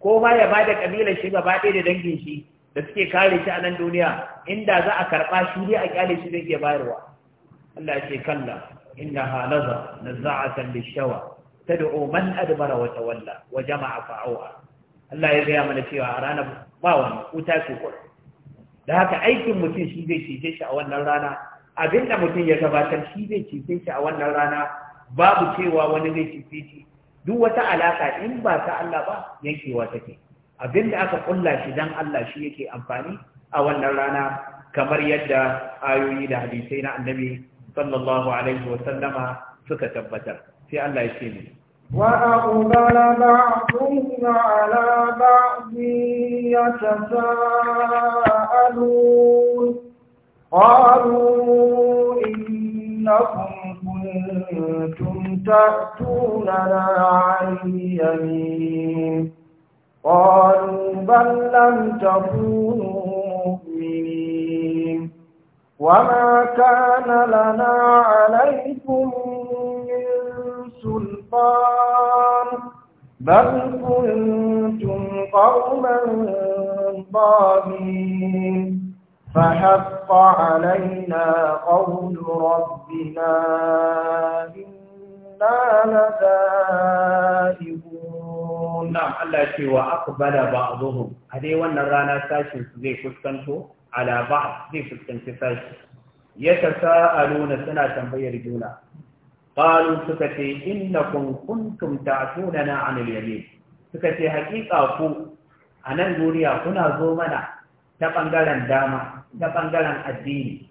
ko ma ya bada kabilar shi gaba ɗaya da dangin shi da suke kare shi a nan duniya inda za a karɓa shi ne a kyale shi da ke bayarwa Allah ya ce kalla إنها لظى نزاعة للشوى تدعو من أدبر وتولى وجمع فعوها Allah ya gaya mana cewa a ranar ba wani wuta ce kuwa da haka aikin mutum shi zai cije shi a wannan rana abinda mutum ya gabatar shi zai cije shi a wannan rana babu cewa wani zai cije shi duk wata alaka in ba ta Allah ba yankewa take abinda aka kulla shi dan Allah shi yake amfani a wannan rana kamar yadda ayoyi da hadisai na annabi صلى الله عليه وسلم suka tabbatar في Allah ya
وأقبل بعضهم على بعض يتساءلون قالوا إنكم كنتم تأتوننا عن اليمين قالوا بل لم تكونوا وما كان لنا عليكم من سلطان بل كنتم قوما ضالين فحق علينا قول ربنا إنا لذائبون نعم الله يقول وأقبل
بعضهم هذه وانا رانا ساشن زي كنتو Alaba ba'd zai fuskanci sashi yatasaaluna suna tambayar juna qalu suka ce innakum kuntum ta'tunana 'anil yamin suka ce haƙiƙa ku a nan duniya kuna zo mana ta bangaren dama ta bangaren addini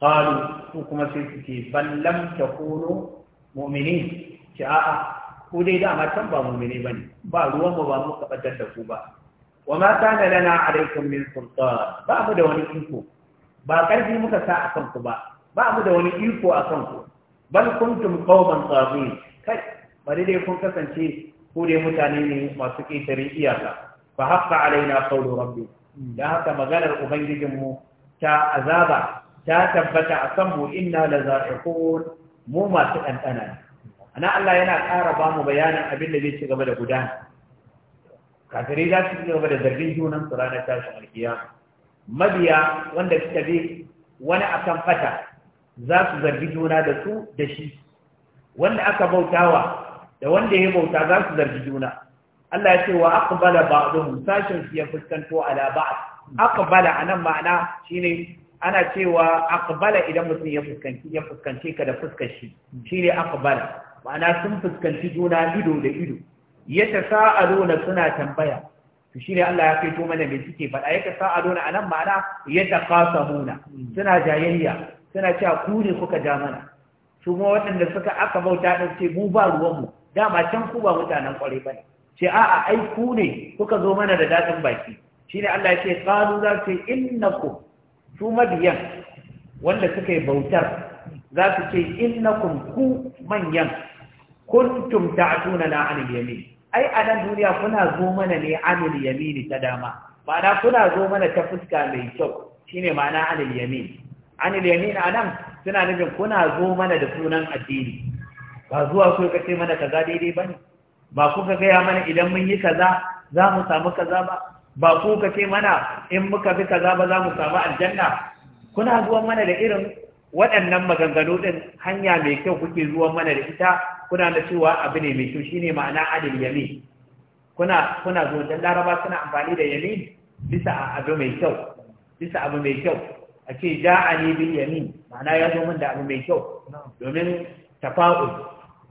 qalu su kuma sai suke ban lam takunu mu'minin ki a'a ku dai dama can ba mu'mini bane ba ruwan ba mu kabatar da ku ba wa ma kana lana alaikum min sultan ba mu da wani iko ba karfi muka sa akan ku ba ba mu da wani iko akan ku bal kuntum qauman taghin kai bari dai kun kasance ku dai mutane ne masu ƙetare iyaka fa haqqa alaina qawlu rabbi da haka maganar mu. ta azaba ta tabbata kan mu inna Ko mu masu ɗanɗana ana Allah yana ƙara ba mu bayanin abin da zai ci gaba da gudana kafirai za su ci da zargin junan su ranar tashin alkiya mabiya wanda suka bi wani akan fata za su zargi juna da su da shi wanda aka bautawa da wanda ya bauta za su zargi juna Allah ya ce wa aqbala ba'dhum sashin su ya fuskanto ala ba'd aqbala anan ma'ana shine ana cewa aqbala idan mutum ya fuskanci ya fuskanci ka da fuskar shi shine aqbala ma'ana sun fuskanci juna ido da ido yatasaaluna suna tambaya to shine Allah ya to mana me suke faɗa a anan ma'ana yataqasamuna suna jayayya suna cewa ku ne kuka ja mana su ma waɗanda suka aka bauta din ce mu ba ruwan mu dama can ku ba mutanen kwarai bane ce a ai ku ne kuka zo mana da daɗin baki shine Allah ya ce qalu za ce innakum su mabiyan wanda suka yi bautar za su ce innakum ku manyan kuntum ta'tuna na yamin ai a nan duniya kuna zo mana ne anil yamini ta dama ma'ana kuna zo mana ta fuska mai kyau shine ma'ana anil yamin anil yamin a nan suna nufin kuna zo mana da sunan addini ba zuwa ku ka ce mana kaza daidai bane ba kuka gaya mana idan mun yi kaza za mu samu kaza ba ba ku ka ce mana in muka bi kaza ba za mu samu aljanna kuna zuwa mana da irin waɗannan maganganu ɗin hanya mai kyau kuke zuwa mana da ita kuna da cewa abu ne mai kyau shine ma'ana adil yamin kuna kuna zuwa dan laraba suna amfani da yamin bisa abu mai kyau bisa abu mai kyau a ce ja'ani bil yamin ma'ana ya zo da abu mai kyau domin tafa'ul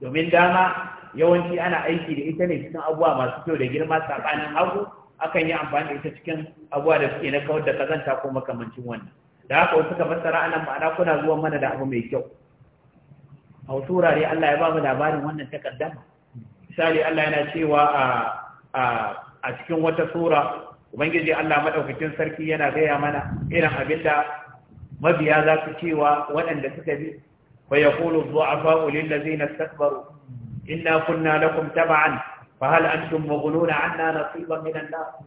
domin dama yawanci ana aiki da ita ne cikin abubuwa masu kyau da girma tsakanin hagu akan yi amfani da ita cikin abubuwa da suke na kawar da kazanta ko makamancin wannan da haka wasu kamar sara anan ma'ana kuna zuwa mana da abu mai kyau a wasu wurare Allah ya ba mu labarin wannan takaddama misali Allah yana cewa a a a cikin wata sura ubangiji Allah madaukakin sarki yana gaya mana irin abin da mabiya za su cewa waɗanda suka bi fa yaqulu dhu'afa'u lil ladzina istakbaru inna kunna lakum tab'an fa hal antum mughnuna 'anna nasiban min an-nar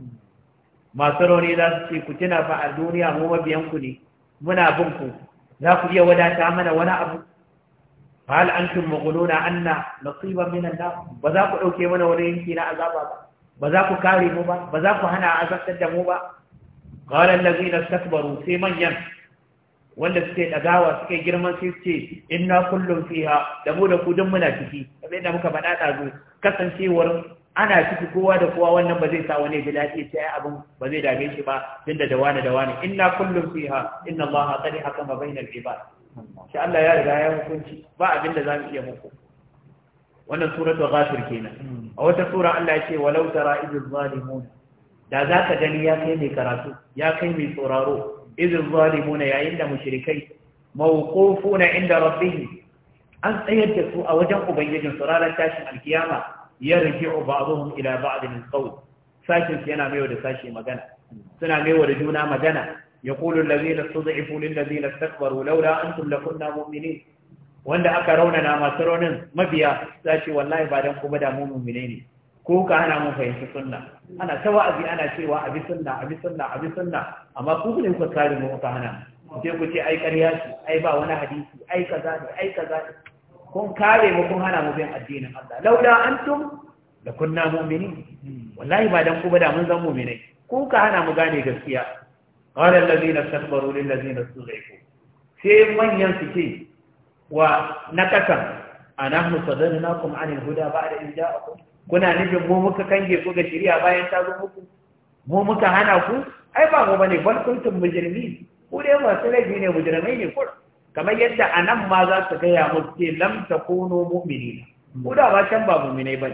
masu rauni za su ce ku tuna fa a duniya mu mabiyanku ku ne muna bin ku za ku iya wadata mana wani abu hal antum mughununa anna nasiban min an ba za ku dauke mana wani yanki na azaba ba ba za ku kare mu ba ba za ku hana azabtar da mu ba qala allazina istakbaru sai manyan wanda suke ɗagawa suke girman sai in inna kullum fiha da mu da ku duk muna ciki kamar yadda muka faɗa ɗazu kasancewar ana ciki kowa da kowa wannan ba zai sa wani ji daɗi sai abin ba zai dame shi ba tunda da wani da wani inna kullum fiha inna allaha qad hakama bainal ibad shi Allah ya riga ya hukunci ba abin da zamu iya muku wannan suratul ghafir kenan a wata sura Allah ya ce walau tara idil zalimun da zaka gani ya kai mai karatu ya kai mai tsoraro idil zalimun yayin da mushrikai mawqufuna inda rabbihim an tsayar da su a wajen ubangijin su tashin alkiyama yarji'u ba'dhum ila ba'd min qawl sashin yana maiwa da sashi magana suna maiwa da juna magana yaqulu allazina stud'ifu lil ladzina istakbaru laula antum lakunna mu'minin wanda aka raunana masu raunin mabiya sashi wallahi ba dan kuma da mu mu'mine ne ko ka hana mu fahimci sunna ana ta wa'azi ana cewa abi sunna abi sunna abi sunna amma ku ne ku kare mu ka hana mu ku ce ai ƙarya ce ai ba wani hadisi ai kaza ne ai kaza ne kun kare mu kun hana mu bin addinin Allah laula antum da kunna mu'mini wallahi ba dan ku ba da mun zan mu'mini ku ka hana mu gane gaskiya qala allazina istakbaru lil ladzina sughifu sai manyan su wa nakasan anahnu an al huda ba'da in ja'akum kuna nufin mu muka kange ku ga shari'a bayan ta zo muku mu muka hana ku ai ba mu bane bal kuntum mujrimin ku dai masu laifi ne mujrimai ne ku? kamar yadda a nan ma za su gaya musu ce lam ta kono mu'mini ko da ba can ba mu'minai ba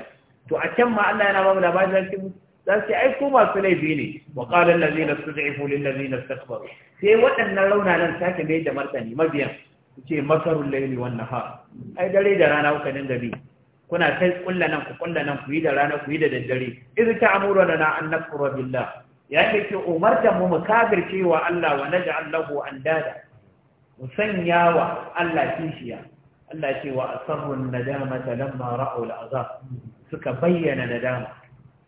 to a can ma Allah yana ba mu labarin za su za su ai ko masu laifi ne wa qala allazina stud'ifu lil ladina istakbaru sai waɗannan raunanan sake mai da martani mabiyan ce makarul laili wan nahar ai dare da rana kuka dinga bi kuna kai kulla nan ku kulla nan ku yi da rana ku yi da daddare idza ta'muruna na an nakfura billah ya ce umarta mu mu kafirce wa Allah wa naj'al lahu andada sanya wa Allah kishiya Allah ce wa asarrun nadama ta lamma ra'o al'azab suka bayyana nadama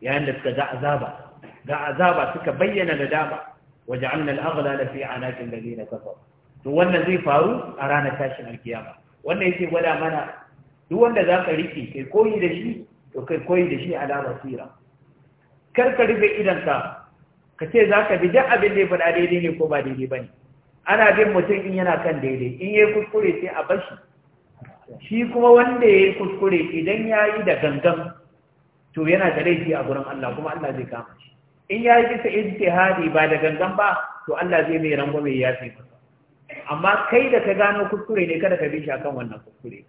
yayin da suka ga azaba ga azaba suka bayyana nadama waja'alna al'aghlala fi 'anaqil ladina kafaru to wannan zai faru a ranar tashin alkiyama wannan yake gwada mana duk wanda za ka riƙe kai koyi da shi to kai koyi da shi ala basira kar ka rufe idanka ka ce za ka bi duk abin da ya faɗa daidai ne ko ba daidai ba ne ana bin mutum in yana kan daidai in yayi kuskure sai a bashi shi kuma wanda yayi kuskure idan yayi da gangan to yana da laifi a gurin Allah kuma Allah zai kama shi in yayi bisa ijtihadi ba da gangan ba to Allah zai mai rango mai yafi masa amma kai da ka gano kuskure ne kada ka bi shi akan wannan kuskure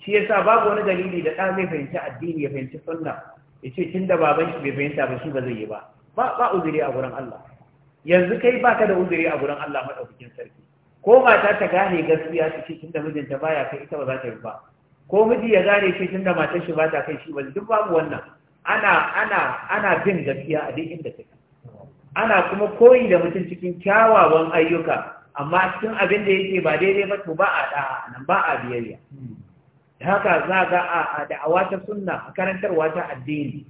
shi yasa babu wani dalili da ɗan zai fahimci addini ya fahimci sunna ya ce tun baban shi bai fahimta ba shi ba zai yi ba ba uzuri a gurin Allah yanzu kai baka da uzuri a gurin Allah madaukakin sarki ko mata ta gane gaskiya ta ce tunda mijinta baya kai ita ba za ta yi ba ko miji ya gane shi tunda matar shi ba ta kai shi ba duk babu wannan ana ana ana bin gaskiya a duk inda take ana kuma koyi da mutum cikin kyawawan ayyuka amma cikin abin da yake ba daidai ba to ba a da'a nan ba a biyayya hmm. haka za ga a da'awa ta sunna a karantarwa ta addini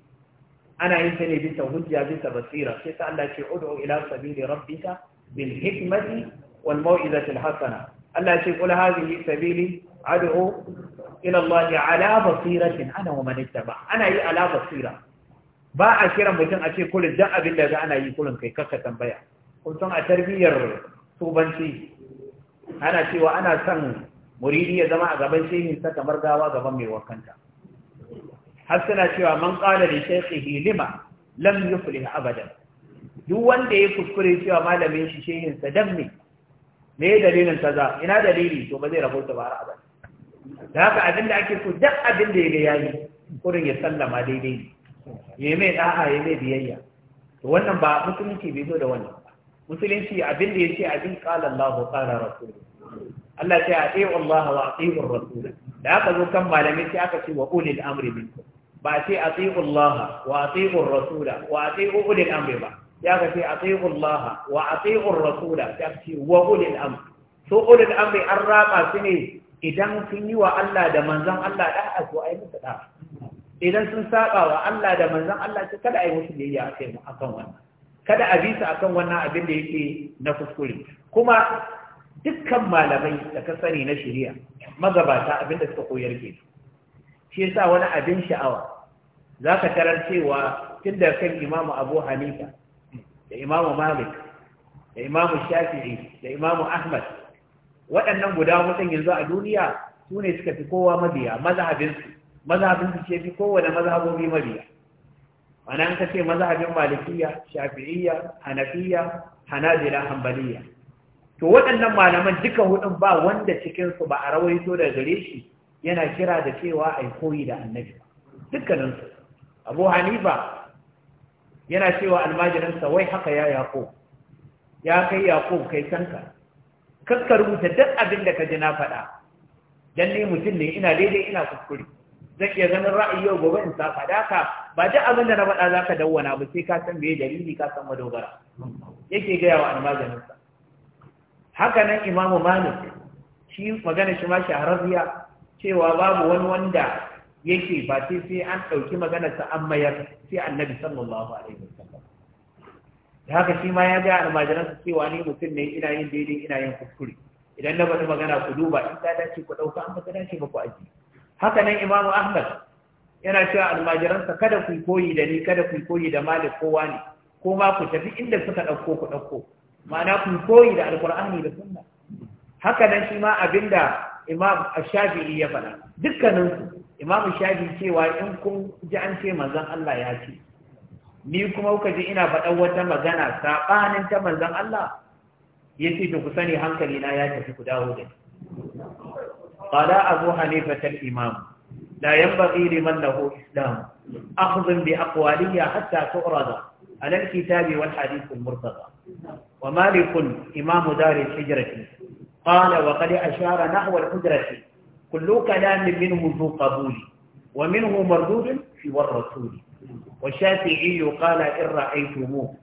ana yin ta ne bisa hujja bisa basira sai ta Allah ce ud'u ila sabili rabbika bil hikmati wal mau'izati al hasana Allah ce kula hadhihi sabili ad'u ila Allah ala basiratin ana wa man ittaba ana yi ala basira ba a kiran mutum a ce kullun dan abin da ga ana yi kullun kai kakka tambaya kun a tarbiyyar tubanci ana cewa ana son muridi ya zama a gaban shehin ta kamar gawa gaban mai wakanta har suna cewa man ƙala qala li shaykhihi lima lam yuflih abada duk wanda ya kuskure cewa malamin shi shehin sa dan me me dalilin kaza ina dalili to ba zai rahoto ba har abada da haka abin da ake so duk abin da ya yayi kurin ya sallama daidai ne ya mai da'a ya mai biyayya to wannan ba musulunci bai zo da wannan ba musulunci abin da ya ce abin qala Allahu qala rasuluhu Allah ta yi Allah wa aqimur rasul da aka zo kan malamai sai aka ce wa ulil amri minkum ba ce a Allah wa a rasula wa a ulil amri ba ya ka ce a Allah wa a rasula ya ka ce wa ulil amri so ulil amri an raba su ne idan sun yi wa Allah da manzan Allah da a so a yi musu da idan sun saba wa Allah da manzan Allah ce kada a yi musu biyayya a kai mu akan wannan kada a bi su akan wannan abin da yake na kuskure kuma dukkan malamai da ka sani na shari'a magabata abin da suka koyar ke shi sa wani abin sha'awa za ka tarar cewa tun da kan imamu abu hanifa da imamu malik da imamu shafi'i da imamu ahmad waɗannan guda hudun yanzu a duniya su ne suka fi kowa mabiya mazhabinsu mazhabinsu ce fi kowane mazhabobi mabiya ana an kace mazhabin malikiya shafi'iyya hanafiyya hanabila hanbaliya to waɗannan malaman duka hudun ba wanda cikinsu ba a rawaito da gare shi yana kira da cewa ai koyi da annabi dukkanin abu hanifa yana cewa almajiransa wai haka ya yaƙo? ya kai yaƙo, kai kanka kakka rubuta duk abin da ka ji na faɗa dan ne mutum ne ina daidai ina kuskure zan iya ganin ra'ayi yau gobe in sa da haka ba duk abin da na faɗa za ka dawwana ba sai ka san meye dalili ka san madogara yake gaya wa almajirinsa haka nan imamu malik shi magana shi ma shahararriya cewa babu wani wanda yake ba sai sai an ɗauki maganarsa an mayar sai annabi sallallahu alaihi wasallam da haka shi ma ya ga almajiransa cewa ni mutum ne ina yin daidai ina yin kuskure idan na bari magana ku duba in ta dace ku ɗauka an ta dace ba ku aji haka nan imamu ahmad yana cewa almajiransa kada ku koyi da ni kada ku koyi da malik kowa ne ko ma ku tafi inda suka ɗauko ku ɗauko ma'ana ku koyi da alkur'ani da sunna haka nan shi ma abinda imam shafi'i ya faɗa dukkaninsu imam shafi'i cewa in kun ji an ce manzon Allah ya ce ni kuma kuka ji ina faɗan wata magana saɓanin ta manzon Allah ya ce to ku sani hankali na ya tafi ku dawo da qala abu hanifa tal imam la yanbaghi liman lahu islam akhdhan bi aqwalihi hatta tu'rada ala al-kitabi wal hadith al-murtada wa malik imam dar al-hijrah قال وقد أشار نحو القدرة كل كلام منه ذو قبول ومنه مردود في والرسول والشافعي قال إن رأيتموه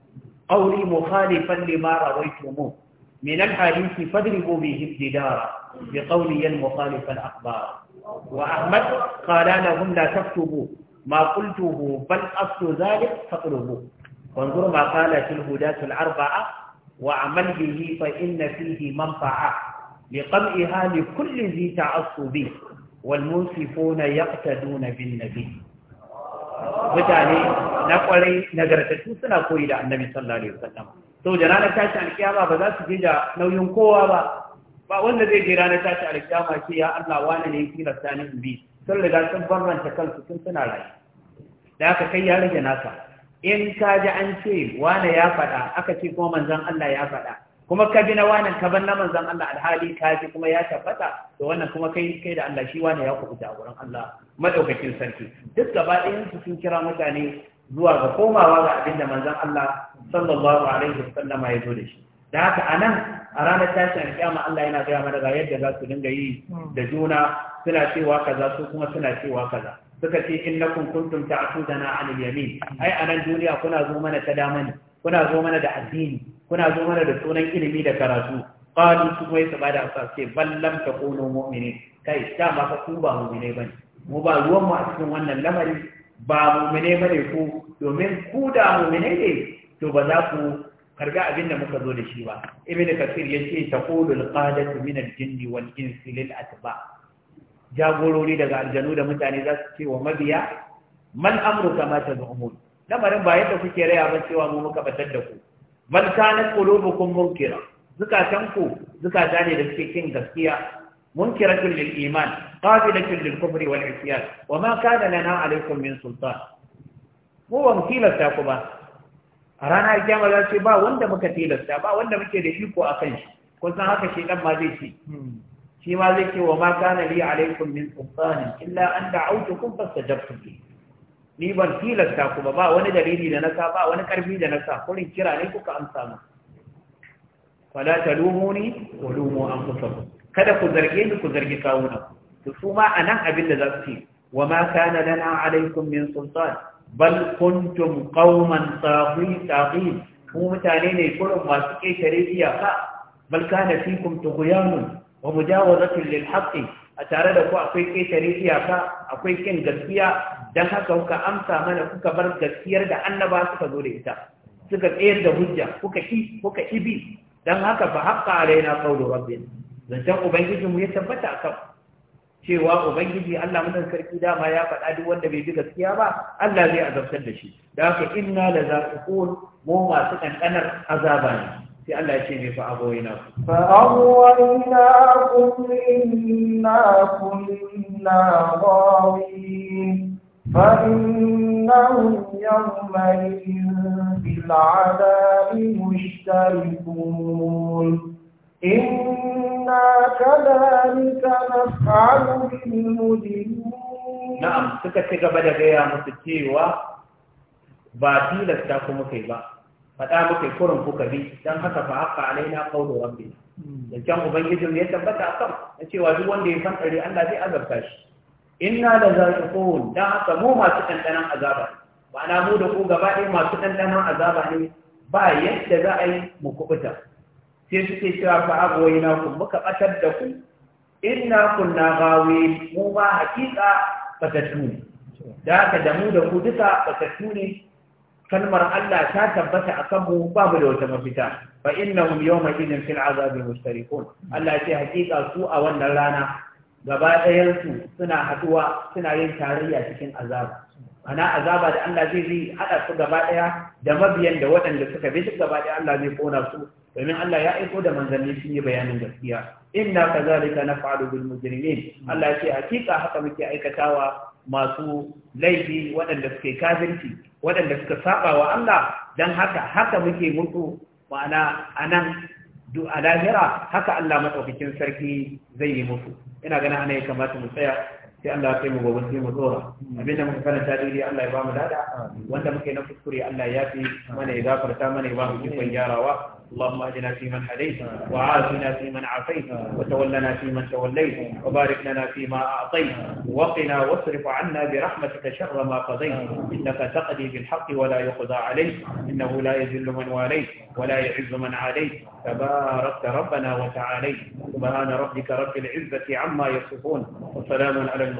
قولي مخالفا لما رويتموه من الحديث فاضربوا به الجدار بقولي المخالف الأخبار وأحمد قال لهم لا تكتبوا ما قلته بل أصل ذلك فاطلبوا وانظر ما قال في الهداة الأربعة وعمل به فإن فيه منفعة لقمعها لكل ذي تعصب والمنصفون يقتدون بالنبي
mutane na
kwarai nagartattu suna koyi da annabi sallallahu alaihi wasallam to da ranar tashi alkiyama ba za su je da nauyin kowa ba ba wanda zai je ranar tashi alkiyama ce ya Allah wani ne yake lafta ni in bi sun riga sun kansu sun suna rayu da kai ya rage nasa in ka ji an ce wane ya faɗa aka ce kuma manzan Allah ya faɗa kuma ka bi na wane ka bar na manzan Allah alhali ka ji kuma ya tabbata to wannan kuma kai kai da Allah shi wane ya kubuta a wurin Allah madaukakin sarki duk gaba ɗayan su sun kira mutane zuwa ga komawa ga abinda manzan Allah sallallahu alaihi wasallam ya zo da shi da haka anan a ranar tashin kiyama Allah yana gaya mana ga yadda za su dinga yi da juna suna cewa kaza su kuma suna cewa kaza suka ce innakum kuntum ta'tudana 'anil yamin ai anan duniya kuna zo mana ta dama ne kuna zo mana da addini kuna zo mana da sunan ilimi da karatu qalu su mai su bada asa ce ballam takunu mu'minin kai da ma fa ku ba mu'mine bane mu ba ruwan mu a cikin wannan lamari ba mu'mine bane ku domin ku da mu'mine ne to ba za ku karga abin da muka zo da shi ba ibnu kasir yace taqulu al-qadatu min al-jinni wal insi lil atba' jagorori daga aljanu da mutane za su ce wa mabiya man amruka ma tad'umun lamarin ba yadda kuke raya ba cewa mu muka batar da ku bal kanat qulubukum munkira zukatan ku zukata ne da suke kin gaskiya munkiratun lil iman qabilatun lil kufri wal isyan wa ma kana lana alaikum min sultan mu ban tilasta ku ba a ranar kiyama za ce ba wanda muka tilasta ba wanda muke da iko akan shi kun san haka shi dan ma zai ce hmm. shi ma zai ce wa ma kana li alaikum min sultanin illa an da'awtukum fastajabtum li ni ban tilasta ku ba wani dalili da na sa ba wani karfi da na sa kurin kira ne kuka amsa mu fala talumuni wa lumu anfusakum kada ku zarge ni ku zargi kawuna to su ma anan abin da za su yi wa ma kana lana alaikum min sultan bal kuntum qauman taqin mu mutane ne kurin masu keshare iyaka bal kana fikum tughyanun wa mujawazatu lil haqqi a tare da ku akwai ƙetare iyaka akwai kin gaskiya dan haka kuka amsa mana kuka bar gaskiyar da annaba suka zo da ita suka tsayar da hujja kuka ki kuka ibi dan haka fa haqqa alaina qawlu rabbina zancen ubangiji mu ya tabbata akan cewa ubangiji Allah mutan sarki dama ya faɗa duk wanda bai bi gaskiya ba Allah zai azabtar da shi da haka inna la zaqiqun mu masu kankanar azaba ne sai Allah ya ce mai na ku fa'aboina
ku inna kunna ghawin فإنهم يومئذ في العذاب مشتركون إنا كذلك نفعل بالمجرمين نعم
suka ci gaba da gaya musu cewa ba tilasta ku muka yi ba faɗa muke kurin kuka bi don haka fa haka alaina qawlu rabbina da can ubangijin ya tabbata a kan na cewa duk wanda ya fantare Allah zai azabta shi inna la za'iqun dan haka mu masu dandanan azaba na mu da ku gaba ɗaya masu ɗanɗanon azaba ne ba yadda za a yi mu kubuta sai suke cewa fa agwayna kun muka batar da ku inna kunna gawi mu ma hakika batatu. ne da haka da mu da ku duka batatu ne kalmar Allah ta tabbata a kanmu babu da wata mafita fa innahum yawma idin fil azabi mustarikun Allah ce hakika su a wannan rana gaba ɗayan su suna haduwa suna yin tarayya cikin azaba ana azaba da Allah zai yi hada su gaba ɗaya da mabiyan da waɗanda suka bi duk gaba ɗaya Allah zai kona su domin Allah ya aiko da manzanni sun yi bayanin gaskiya inna kazalika naf'alu bil mujrimin Allah ya ce hakika haka muke aikatawa masu laifi waɗanda suke kafirci waɗanda suka saba wa Allah dan haka haka muke mutu ma'ana a nan, a lahira haka Allah madaukakin sarki zai yi mutu ina ganin ana ya kamata mu tsaya sai Allah ya mu gobe sai mu tsora abinda muka karanta dai Allah ya ba mu dada wanda muke na kuskure Allah ya fi mana ya gafarta mana ya ba mu ikon gyarawa اللهم اهدنا فيمن هديت وعافنا فيمن عافيت وتولنا فيمن توليت وبارك لنا فيما أعطيت وقنا واصرف عنا برحمتك شر ما قضيت إنك تقضي بالحق ولا يقضى عليك إنه لا يذل من واليت ولا يعز من عاديت تباركت ربنا وتعاليت سبحان ربك رب العزة عما يصفون وسلام على المرسلين